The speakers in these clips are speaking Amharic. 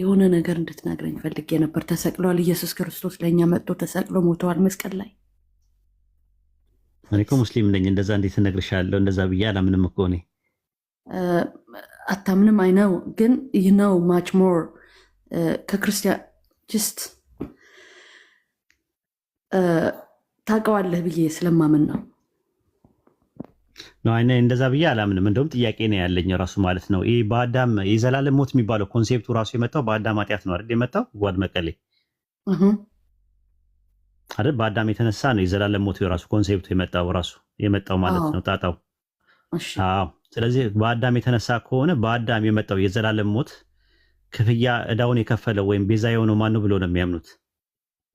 የሆነ ነገር እንድትነግረኝ ፈልጌ ነበር። ተሰቅሏል። ኢየሱስ ክርስቶስ ለእኛ መጥቶ ተሰቅሎ ሞተዋል መስቀል ላይ። እኔ እኮ ሙስሊም ነኝ። እንደዛ እንዴት እነግርሻለሁ? እንደዛ ብዬ አላምንም እኮ እኔ። አታምንም? አይነው ግን ይህ ነው ማች ሞር ከክርስቲያን ጅስት ታውቀዋለህ ብዬ ስለማምን ነው። ነው አይነ እንደዛ ብዬ አላምንም። እንደውም ጥያቄ ነው ያለኝ ራሱ ማለት ነው። ይህ በአዳም የዘላለም ሞት የሚባለው ኮንሴፕቱ ራሱ የመጣው በአዳም ኃጢአት ነው አይደል? የመጣው ጓድ መቀሌ አይደል? በአዳም የተነሳ ነው የዘላለም ሞት ራሱ ኮንሴፕቱ የመጣው ራሱ የመጣው ማለት ነው ጣጣው። አዎ። ስለዚህ በአዳም የተነሳ ከሆነ በአዳም የመጣው የዘላለም ሞት ክፍያ እዳውን የከፈለው ወይም ቤዛ የሆነው ማን ነው ብሎ ነው የሚያምኑት?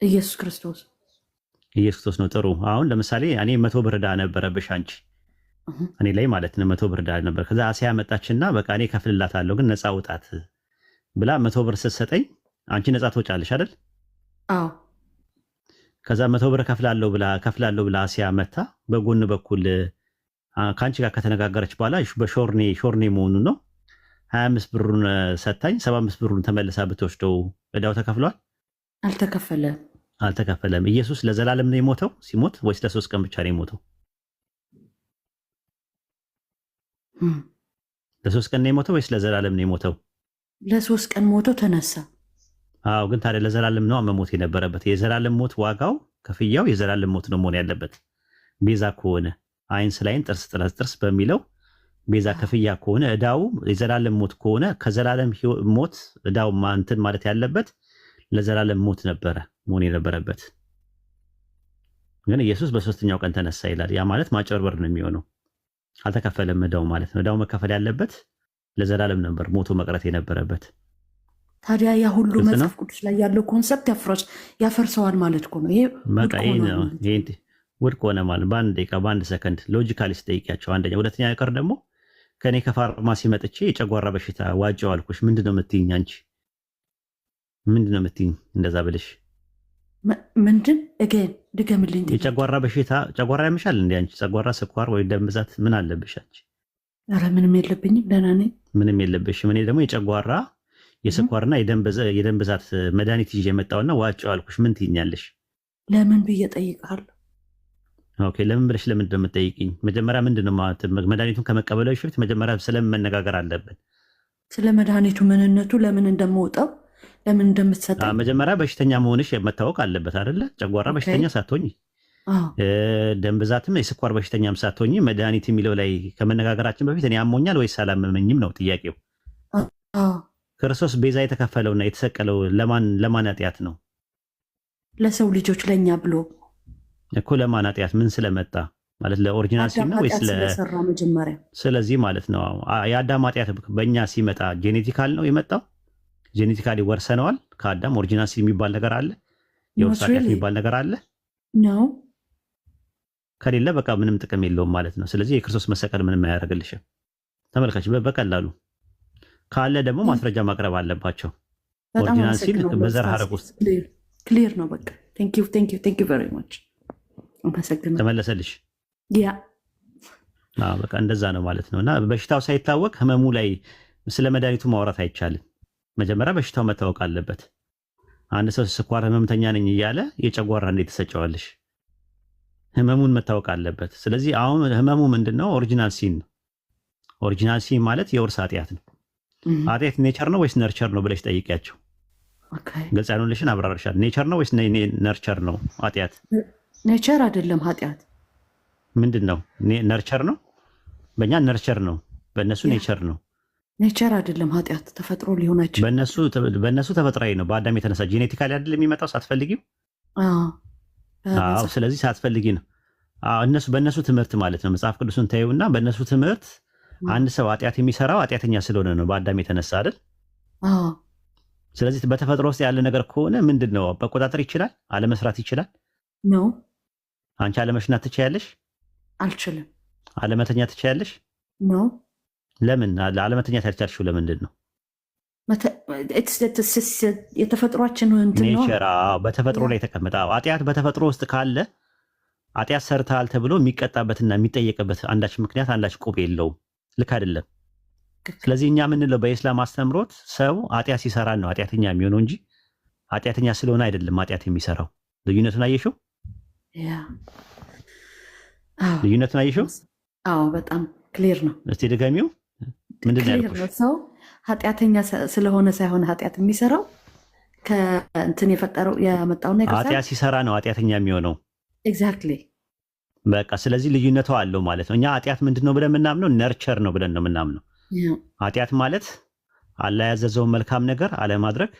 ኢየሱስ ክርስቶስ። ኢየሱስ ክርስቶስ ነው። ጥሩ። አሁን ለምሳሌ እኔ መቶ ብር እዳ ነበረብሽ አንቺ እኔ ላይ ማለት ነው መቶ ብር ዳል ነበር። ከዛ አሲያ መጣችና በቃ እኔ ከፍልላታለሁ ግን ነፃ ውጣት ብላ መቶ ብር ስትሰጠኝ አንቺ ነፃ ትወጫለሽ አይደል? አዎ። ከዛ መቶ ብር ከፍላለሁ ብላ ከፍላለሁ ብላ አሲያ መታ በጎን በኩል ከአንቺ ጋር ከተነጋገረች በኋላ በሾርኔ ሾርኔ መሆኑን ነው ሀያ አምስት ብሩን ሰታኝ ሰባ አምስት ብሩን ተመልሳ ብትወስደው እዳው ተከፍሏል? አልተከፈለም። አልተከፈለም። ኢየሱስ ለዘላለም ነው የሞተው ሲሞት ወይስ ለሶስት ቀን ብቻ ነው የሞተው? ለሶስት ቀን ነው የሞተው ወይስ ለዘላለም ነው የሞተው? ለሶስት ቀን ሞቶ ተነሳ። አዎ፣ ግን ታዲያ ለዘላለም ነው መሞት የነበረበት። የዘላለም ሞት ዋጋው ክፍያው የዘላለም ሞት ነው መሆን ያለበት። ቤዛ ከሆነ አይን ስለ ጥርስ ጥለ ጥርስ በሚለው ቤዛ ክፍያ ከሆነ እዳው የዘላለም ሞት ከሆነ ከዘላለም ሞት እዳው እንትን ማለት ያለበት ለዘላለም ሞት ነበረ መሆን የነበረበት። ግን ኢየሱስ በሶስተኛው ቀን ተነሳ ይላል። ያ ማለት ማጨርበር ነው የሚሆነው። አልተከፈለም ዕዳው ማለት ነው። ዕዳው መከፈል ያለበት ለዘላለም ነበር ሞቶ መቅረት የነበረበት። ታዲያ ያ ሁሉ መጽሐፍ ቅዱስ ላይ ያለው ኮንሰፕት ያፈርሰዋል ማለት ነው። ይሄ ውድቅ ሆነ ማለት በአንድ ደቂቃ በአንድ ሰከንድ ሎጂካሊ ስጠይቂያቸው፣ አንደኛ ሁለተኛ ነገር ደግሞ ከእኔ ከፋርማሲ መጥቼ የጨጓራ በሽታ ዋጨው አልኩሽ፣ ምንድነው ነው የምትይኝ አንቺ? ምንድን የምትይኝ እንደዛ ብልሽ ምንድን እገን ድገምልኝ። የጨጓራ በሽታ ጨጓራ ያምሻል እንዲ? አንቺ ጨጓራ ስኳር ወይ ደም ብዛት ምን አለብሽ አንቺ? ኧረ ምንም የለብኝም ደህና ነኝ። ምንም የለብሽም። እኔ ደግሞ የጨጓራ የስኳርና የደም ብዛት መድኃኒት ይዤ የመጣውና ዋጭ አልኩሽ። ምን ትይኛለሽ? ለምን ብዬ ጠይቃለሁ። ኦኬ ለምን ብለሽ ለምን ነው መጀመሪያ ምንድን ነው መድኃኒቱን ከመቀበላሽ በፊት መጀመሪያ ስለምን መነጋገር አለብን? ስለ መድኃኒቱ ምንነቱ፣ ለምን እንደምወጣው ለምን እንደምትሰጠ መጀመሪያ በሽተኛ መሆንሽ መታወቅ አለበት አይደለ? ጨጓራ በሽተኛ ሳትሆኝ ደም ብዛትም የስኳር በሽተኛም ሳትሆኝ መድኃኒት የሚለው ላይ ከመነጋገራችን በፊት እኔ አሞኛል ወይስ አላመመኝም ነው ጥያቄው። ክርስቶስ ቤዛ የተከፈለውና የተሰቀለው ለማን ለማን ኃጢአት ነው? ለሰው ልጆች ለእኛ ብሎ እኮ ለማን ኃጢአት ምን ስለመጣ ማለት ለኦሪጂናል ሲና ወይስ ስለሰራ መጀመሪያ። ስለዚህ ማለት ነው የአዳም ኃጢአት በእኛ ሲመጣ ጄኔቲካል ነው የመጣው ጄኔቲካሊ ወርሰነዋል ከአዳም ኦሪጂናል ሲድ የሚባል ነገር አለ፣ የውርስ የሚባል ነገር አለ። ከሌለ በቃ ምንም ጥቅም የለውም ማለት ነው። ስለዚህ የክርስቶስ መሰቀል ምንም አያደርግልሽም። ተመልካች በቀላሉ ካለ ደግሞ hmm. ማስረጃ ማቅረብ አለባቸው። ኦሪጂናል ሲድ በዘር ሀረግ ውስጥ ክሊር ነው። በቃ ተመለሰልሽ። በቃ እንደዛ ነው ማለት ነው። እና በሽታው ሳይታወቅ ህመሙ ላይ ስለ መድኃኒቱ ማውራት አይቻልም። መጀመሪያ በሽታው መታወቅ አለበት። አንድ ሰው ስኳር ህመምተኛ ነኝ እያለ የጨጓራ እንዴት ትሰጨዋለሽ? ህመሙን መታወቅ አለበት። ስለዚህ አሁን ህመሙ ምንድን ነው? ኦሪጂናል ሲን ነው። ኦሪጂናል ሲን ማለት የውርስ ኃጢአት ነው። ኃጢአት ኔቸር ነው ወይስ ነርቸር ነው ብለሽ ጠይቂያቸው። ግልጽ ያልሆንልሽን አብራርሻል። ኔቸር ነው ወይስ ነርቸር ነው? ኃጢአት ኔቸር አይደለም። ኃጢአት ምንድን ነው? ነርቸር ነው። በእኛ ነርቸር ነው፣ በእነሱ ኔቸር ነው። ኔቸር አይደለም ኃጢአት ተፈጥሮ ሊሆናቸው በእነሱ ተፈጥሯዊ ነው። በአዳም የተነሳ ጄኔቲካሊ አይደለም የሚመጣው ሳትፈልጊው። ስለዚህ ሳትፈልጊ ነው እነሱ በእነሱ ትምህርት ማለት ነው። መጽሐፍ ቅዱስን ታዩ እና በእነሱ ትምህርት አንድ ሰው ኃጢአት የሚሰራው ኃጢአተኛ ስለሆነ ነው በአዳም የተነሳ አይደል። ስለዚህ በተፈጥሮ ውስጥ ያለ ነገር ከሆነ ምንድን ነው መቆጣጠር ይችላል፣ አለመስራት ይችላል ነው። አንቺ አለመሽናት ትችያለሽ? አልችልም። አለመተኛ ትችያለሽ? ነው ለምን ለአለመተኛት ያልቻልሽው ለምንድን ነው? የተፈጥሯችን በተፈጥሮ ላይ የተቀመጠ አጢአት በተፈጥሮ ውስጥ ካለ አጢአት ሰርተሃል ተብሎ የሚቀጣበትና የሚጠየቅበት አንዳች ምክንያት አንዳች ቁብ የለውም። ልክ አይደለም። ስለዚህ እኛ የምንለው በኢስላም አስተምሮት ሰው አጢአት ሲሰራ ነው አጢአተኛ የሚሆነው እንጂ አጢአተኛ ስለሆነ አይደለም አጢአት የሚሰራው። ልዩነቱን አየሽው? ልዩነቱን አየሽው? አዎ፣ በጣም ክሊር ነው። እስቲ ድገሚው ምንድን ነው ሰው ኃጢአተኛ ስለሆነ ሳይሆን ኃጢአት የሚሰራው ከእንትን የፈጠረው ያመጣውና ኃጢአት ሲሰራ ነው ኃጢአተኛ የሚሆነው። ኤግዛክትሊ በቃ ስለዚህ ልዩነቱ አለው ማለት ነው። እኛ ኃጢአት ምንድን ነው ብለን የምናምነው ነርቸር ነው ብለን ነው የምናምነው። ኃጢአት ማለት አላ ያዘዘውን መልካም ነገር አለማድረግ፣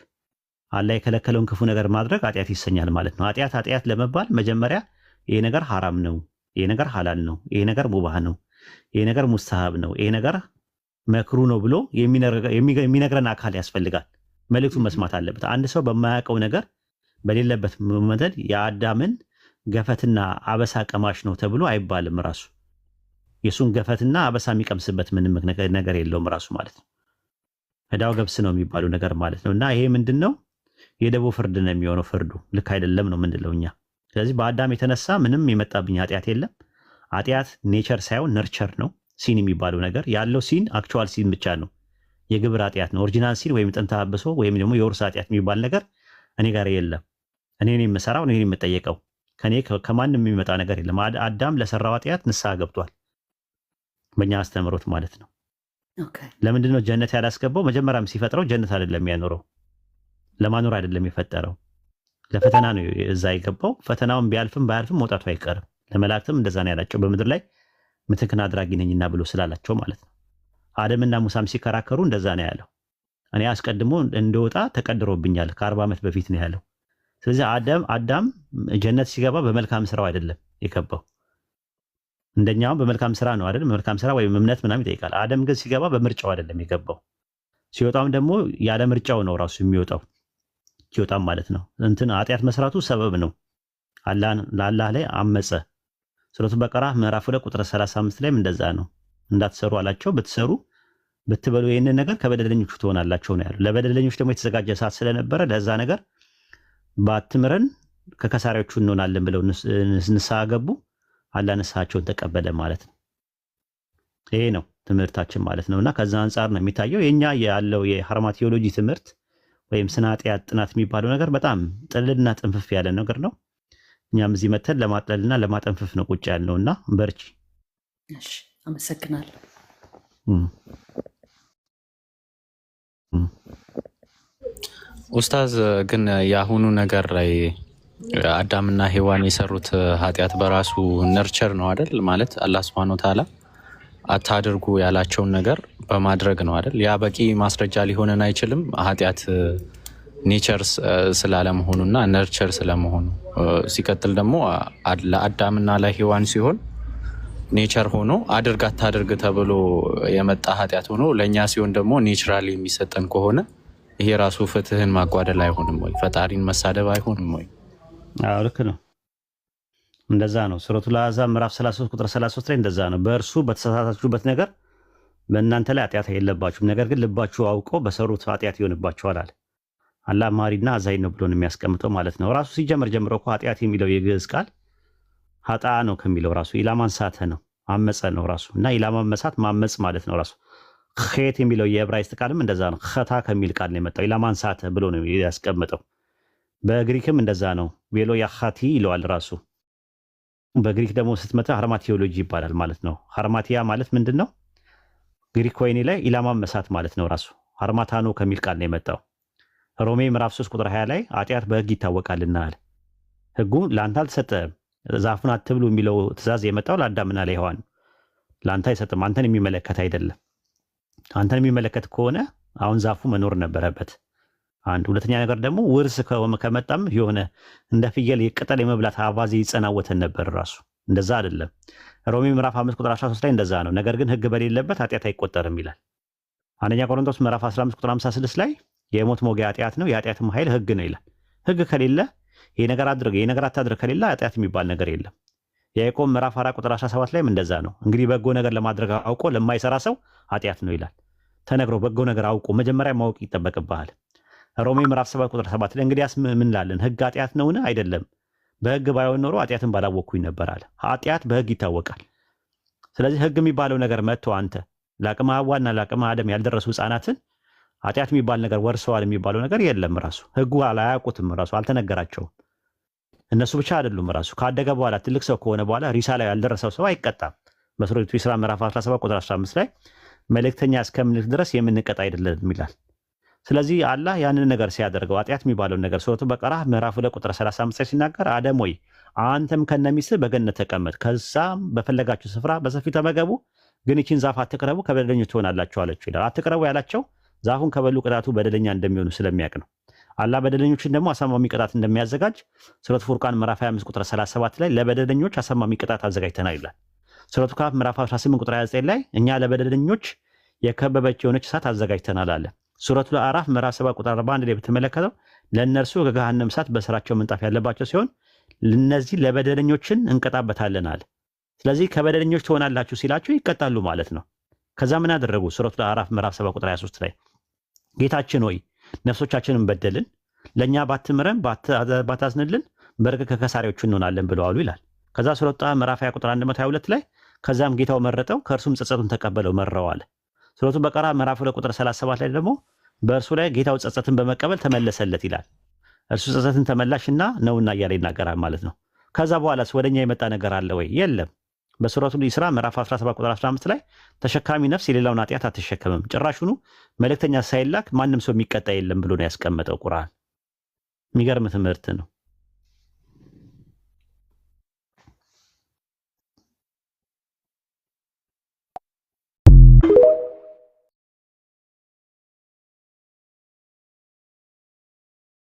አላ የከለከለውን ክፉ ነገር ማድረግ ኃጢአት ይሰኛል ማለት ነው። ኃጢአት ኃጢአት ለመባል መጀመሪያ ይሄ ነገር ሐራም ነው፣ ይሄ ነገር ሐላል ነው፣ ይሄ ነገር ሙባህ ነው፣ ይሄ ነገር ሙስተሃብ ነው፣ ይሄ ነገር መክሩ ነው ብሎ የሚነግረን አካል ያስፈልጋል። መልእክቱን መስማት አለበት። አንድ ሰው በማያውቀው ነገር በሌለበት መመተል የአዳምን ገፈትና አበሳ ቀማሽ ነው ተብሎ አይባልም። ራሱ የእሱን ገፈትና አበሳ የሚቀምስበት ምንም ነገር የለውም ራሱ ማለት ነው። ዕዳው ገብስ ነው የሚባሉ ነገር ማለት ነው። እና ይሄ ምንድን ነው? የደቦ ፍርድ ነው የሚሆነው። ፍርዱ ልክ አይደለም ነው ምንድለው እኛ። ስለዚህ በአዳም የተነሳ ምንም የመጣብኝ ኃጢአት የለም። ኃጢአት ኔቸር ሳይሆን ነርቸር ነው። ሲን የሚባለው ነገር ያለው ሲን አክቹዋል ሲን ብቻ ነው። የግብር ኃጢአት ነው። ኦሪጂናል ሲን ወይም ጥንተ አብሶ ወይም ደግሞ የውርስ ኃጢአት የሚባል ነገር እኔ ጋር የለም። እኔ የምሰራው እኔ የምጠየቀው ከኔ ከማንም የሚመጣ ነገር የለም። አዳም ለሰራው ኃጢአት ንስሐ ገብቷል፣ በእኛ አስተምሮት ማለት ነው። ለምንድን ነው ጀነት ያላስገባው? መጀመሪያም ሲፈጥረው ጀነት አይደለም ያኖረው፣ ለማኖር አይደለም የፈጠረው፣ ለፈተና ነው እዛ የገባው። ፈተናውን ቢያልፍም ባያልፍም መውጣቱ አይቀርም። ለመላእክትም እንደዛ ነው ያላቸው በምድር ላይ ምትክን አድራጊ ነኝና ብሎ ስላላቸው ማለት ነው። አደምና ሙሳም ሲከራከሩ እንደዛ ነው ያለው። እኔ አስቀድሞ እንደወጣ ተቀድሮብኛል ከአርባ ዓመት በፊት ነው ያለው። ስለዚህ አዳም አዳም ጀነት ሲገባ በመልካም ስራው አይደለም የገባው። እንደኛውም በመልካም ስራ ነው አይደለም፣ በመልካም ስራ ወይም እምነት ምናምን ይጠይቃል። አደም ግን ሲገባ በምርጫው አይደለም የገባው። ሲወጣም ደግሞ ያለ ምርጫው ነው ራሱ የሚወጣው ሲወጣም ማለት ነው። እንትን ኃጢአት መስራቱ ሰበብ ነው። አላህ ላይ አመፀ ሱረቱ በቀራ ምዕራፍ ሁለት ቁጥር 35 ላይም እንደዛ ነው። እንዳትሰሩ አላቸው። ብትሰሩ ብትበሉ ይህንን ነገር ከበደለኞቹ ትሆናላቸው ነው ያሉ። ለበደለኞች ደግሞ የተዘጋጀ እሳት ስለነበረ ለዛ ነገር ባትምረን ከከሳሪዎቹ እንሆናለን ብለው ንስሐ ገቡ። አላ ንስሐቸውን ተቀበለ ማለት ነው። ይሄ ነው ትምህርታችን ማለት ነው። እና ከዛ አንጻር ነው የሚታየው የኛ ያለው የሀርማ ቴዎሎጂ ትምህርት ወይም ስናጤያ ጥናት የሚባለው ነገር በጣም ጥልልና ጥንፍፍ ያለ ነገር ነው። እኛም እዚህ መተን ለማጥለልና ለማጠንፈፍ ነው ቁጭ ያልነው እና በርቺ። አመሰግናለሁ። ኡስታዝ ግን የአሁኑ ነገር ላይ አዳምና ሔዋን የሰሩት ኃጢአት በራሱ ነርቸር ነው አይደል? ማለት አላህ ሱብሃነሁ ወተዓላ አታድርጉ ያላቸውን ነገር በማድረግ ነው አይደል? ያ በቂ ማስረጃ ሊሆነን አይችልም ኃጢአት ኔቸር ስላለመሆኑና ነርቸር ስለመሆኑ ሲቀጥል ደግሞ ለአዳምና ለሔዋን ሲሆን ኔቸር ሆኖ አድርግ አታድርግ ተብሎ የመጣ ኃጢአት ሆኖ ለእኛ ሲሆን ደግሞ ኔቸራል የሚሰጠን ከሆነ ይሄ ራሱ ፍትህን ማጓደል አይሆንም ወይ? ፈጣሪን መሳደብ አይሆንም ወይ? ልክ ነው። እንደዛ ነው። ሱረቱል አሕዛብ ምዕራፍ 33 ቁጥር 33 ላይ እንደዛ ነው። በእርሱ በተሳሳታችሁበት ነገር በእናንተ ላይ ኃጢአት የለባችሁም፣ ነገር ግን ልባችሁ አውቆ በሰሩት ኃጢአት ይሆንባችኋል አለ። አላማሪና ማሪና አዛኝ ነው ብሎን የሚያስቀምጠው ማለት ነው። ራሱ ሲጀመር ጀምሮ እኮ ኃጢአት የሚለው የግዕዝ ቃል ሀጣ ነው ከሚለው ራሱ ኢላማን ሳተ ነው አመፀ ነው ራሱ እና ኢላማ መሳት ማመፅ ማለት ነው ራሱ። ኸት የሚለው የዕብራይስጥ ቃልም እንደዛ ነው። ኸታ ከሚል ቃል ነው የመጣው ኢላማን ሳተ ብሎ ነው ያስቀምጠው። በግሪክም እንደዛ ነው። ቤሎ ያኻቲ ይለዋል ራሱ። በግሪክ ደግሞ ስትመጣ ሀርማቴዎሎጂ ይባላል ማለት ነው። ሀርማቲያ ማለት ምንድን ነው? ግሪክ ወይኔ ላይ ኢላማ መሳት ማለት ነው ራሱ። ሀርማታኖ ከሚል ቃል ነው የመጣው ሮሜ ምዕራፍ 3 ቁጥር 20 ላይ ኃጢአት በህግ ይታወቃልና አለ። ህጉ ለአንተ አልተሰጠህም። ዛፉን አትብሉ የሚለው ትእዛዝ የመጣው ለአዳምና ለሔዋን ለአንተ አይሰጥም። አንተን የሚመለከት አይደለም። አንተን የሚመለከት ከሆነ አሁን ዛፉ መኖር ነበረበት። አንድ ሁለተኛ ነገር ደግሞ ውርስ ከመጣም የሆነ እንደ ፍየል ቅጠል የመብላት አባዜ ይጸናወተን ነበር። ራሱ እንደዛ አይደለም። ሮሜ ምዕራፍ 5 ቁጥር 13 ላይ እንደዛ ነው። ነገር ግን ህግ በሌለበት ኃጢአት አይቆጠርም ይላል። አንደኛ ቆሮንቶስ ምዕራፍ 15 ቁጥር 56 ላይ የሞት መውጊያ ኃጢአት ነው፣ የኃጢአትም ኃይል ህግ ነው ይላል። ህግ ከሌለ ይህ ነገር አድርግ ይህ ነገር አታድርግ ከሌለ ኃጢአት የሚባል ነገር የለም። የያዕቆብ ምዕራፍ 4 ቁጥር 17 ላይም እንደዛ ነው። እንግዲህ በጎ ነገር ለማድረግ አውቆ ለማይሰራ ሰው ኃጢአት ነው ይላል። ተነግሮ በጎ ነገር አውቆ መጀመሪያ ማወቅ ይጠበቅብሃል። ሮሜ ምዕራፍ 7 ቁጥር 7 ላይ እንግዲያስ ምን ላለን? ህግ ኃጢአት ነውን? አይደለም። በህግ ባይሆን ኖሮ ኃጢአትን ባላወቅኩኝ ነበር አለ። ኃጢአት በህግ ይታወቃል። ስለዚህ ህግ የሚባለው ነገር መጥቶ አንተ ለአቅመ ሐዋና ለአቅመ አደም ያልደረሱ ህፃናትን ኃጢአት የሚባል ነገር ወርሰዋል የሚባለው ነገር የለም። ራሱ ህጉ አላያውቁትም። ራሱ አልተነገራቸውም። እነሱ ብቻ አይደሉም። ራሱ ካደገ በኋላ ትልቅ ሰው ከሆነ በኋላ ሪሳላ ያልደረሰው ሰው አይቀጣም። መስሮቱ ስራ ምዕራፍ 17 ቁጥር 15 ላይ መልእክተኛ እስከምንልክ ድረስ የምንቀጣ አይደለም ይላል። ስለዚህ አላህ ያንን ነገር ሲያደርገው ኃጢአት የሚባለውን ነገር ሱረቱ በቀራ ምዕራፍ 2 ቁጥር 35 ላይ ሲናገር አደም ወይ አንተም ከነሚስትህ በገነት ተቀመጥ፣ ከዛም በፈለጋችሁ ስፍራ በሰፊው ተመገቡ፣ ግን ይችን ዛፍ አትቅረቡ፣ ከበደለኞች ትሆናላችሁ አለችው ይላል። አትቅረቡ ያላቸው ዛፉን ከበሉ ቅጣቱ በደለኛ እንደሚሆኑ ስለሚያውቅ ነው። አላህ በደለኞችን ደግሞ አሳማሚ ቅጣት እንደሚያዘጋጅ ሱረቱ ፉርቃን ምዕራፍ 25 ቁጥር 37 ላይ ለበደለኞች አሳማሚ ቅጣት አዘጋጅተናል ይላል። ሱረቱ ካፍ ምዕራፍ 18 ቁጥር 29 ላይ እኛ ለበደለኞች የከበበች የሆነች እሳት አዘጋጅተናል አለ። ሱረቱ ለአራፍ ምዕራፍ 7 ቁጥር 41 ላይ በተመለከተው ለእነርሱ ከገሃነም እሳት በስራቸው ምንጣፍ ያለባቸው ሲሆን እነዚህ ለበደለኞችን እንቀጣበታለን አለ። ስለዚህ ከበደለኞች ትሆናላችሁ ሲላችሁ ይቀጣሉ ማለት ነው። ከዛ ምን አደረጉ? ሱረቱ ለአራፍ ምዕራፍ 7 ቁጥር 23 ላይ ጌታችን ሆይ ነፍሶቻችንን በደልን፣ ለእኛ ባትምረን ባታዝንልን በርግ ከከሳሪዎቹ እንሆናለን ብለዋሉ ይላል። ከዛ ስለወጣ ምዕራፍ ቁጥር 122 ላይ ከዛም ጌታው መረጠው ከእርሱም ጸጸቱን ተቀበለው መረው አለ። ስለቱ በቀራ ምዕራፍ ቁጥር 37 ላይ ደግሞ በእርሱ ላይ ጌታው ጸጸትን በመቀበል ተመለሰለት ይላል። እርሱ ጸጸትን ተመላሽና ነውና እያለ ይናገራል ማለት ነው። ከዛ በኋላስ ወደኛ የመጣ ነገር አለ ወይ? የለም። በሱረቱ ኢስራ ምዕራፍ 17 ቁጥር 15 ላይ ተሸካሚ ነፍስ የሌላውን ኃጢአት አትሸከምም፣ ጭራሹኑ መልእክተኛ ሳይላክ ማንም ሰው የሚቀጣ የለም ብሎ ነው ያስቀመጠው ቁርአን። የሚገርም ትምህርት ነው።